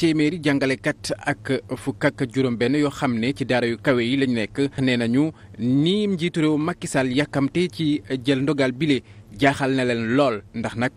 téeméeri jàngalekat ak fukk ak juróom-benn yoo xam ne ci daara yu kawe yi lañ nekk nee nañu ni njiitu réew Macky Sall yàkkamte ci jël ndogal bile jaaxal na leen lool ndax nag.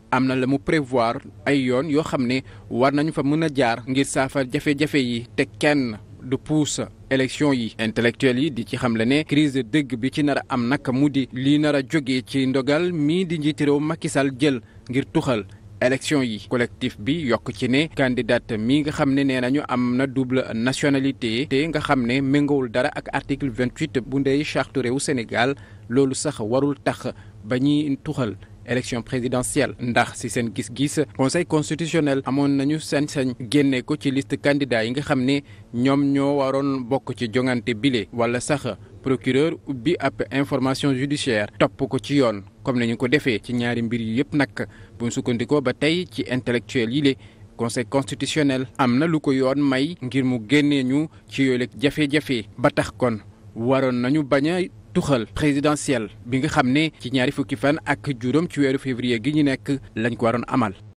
am na la mu prévoir ay yoon yoo xam ne war nañu fa mën a jaar ngir saafar jafe-jafe yi te kenn du puus élection yi intellectuel yi di ci xamle ne crise dëgg bi ci nar a am naka mu di lii nar a jógee ci ndogal mii di njiiti réew Macky Sall jël ngir tuxal élection yi collectif bi yokk ci ne candidate mi nga xam ne nee nañu am na double nationalité te nga xam ne méngowul dara ak article 28 bu ndey charte réewu Sénégal loolu sax warul tax ba ñuy tuxal élection présidentielle ndax si seen gis-gis conseil constitutionnel amoon nañu seen sañ génne ko ci liste candidat yi nga xam ni ñoom ñoo waroon bokk ci jongante bile wala sax procureur ubbi ab information judiciaire topp ko ci yoon comme nañu ko defee ci ñaari mbir yi yëpp nag bu ñu sukkandikoo ba tey ci intellectuel yi le conseil constitutionnel am na lu ko yoon may ngir mu génnee ñu ci yooyu jafe-jafe ba tax kon waroon nañu bañ a tuxal présidentielle bi nga xam ne ci ñaari fukki fan ak juróom ci weeru février gi ñu nekk lañ ko waroon amal.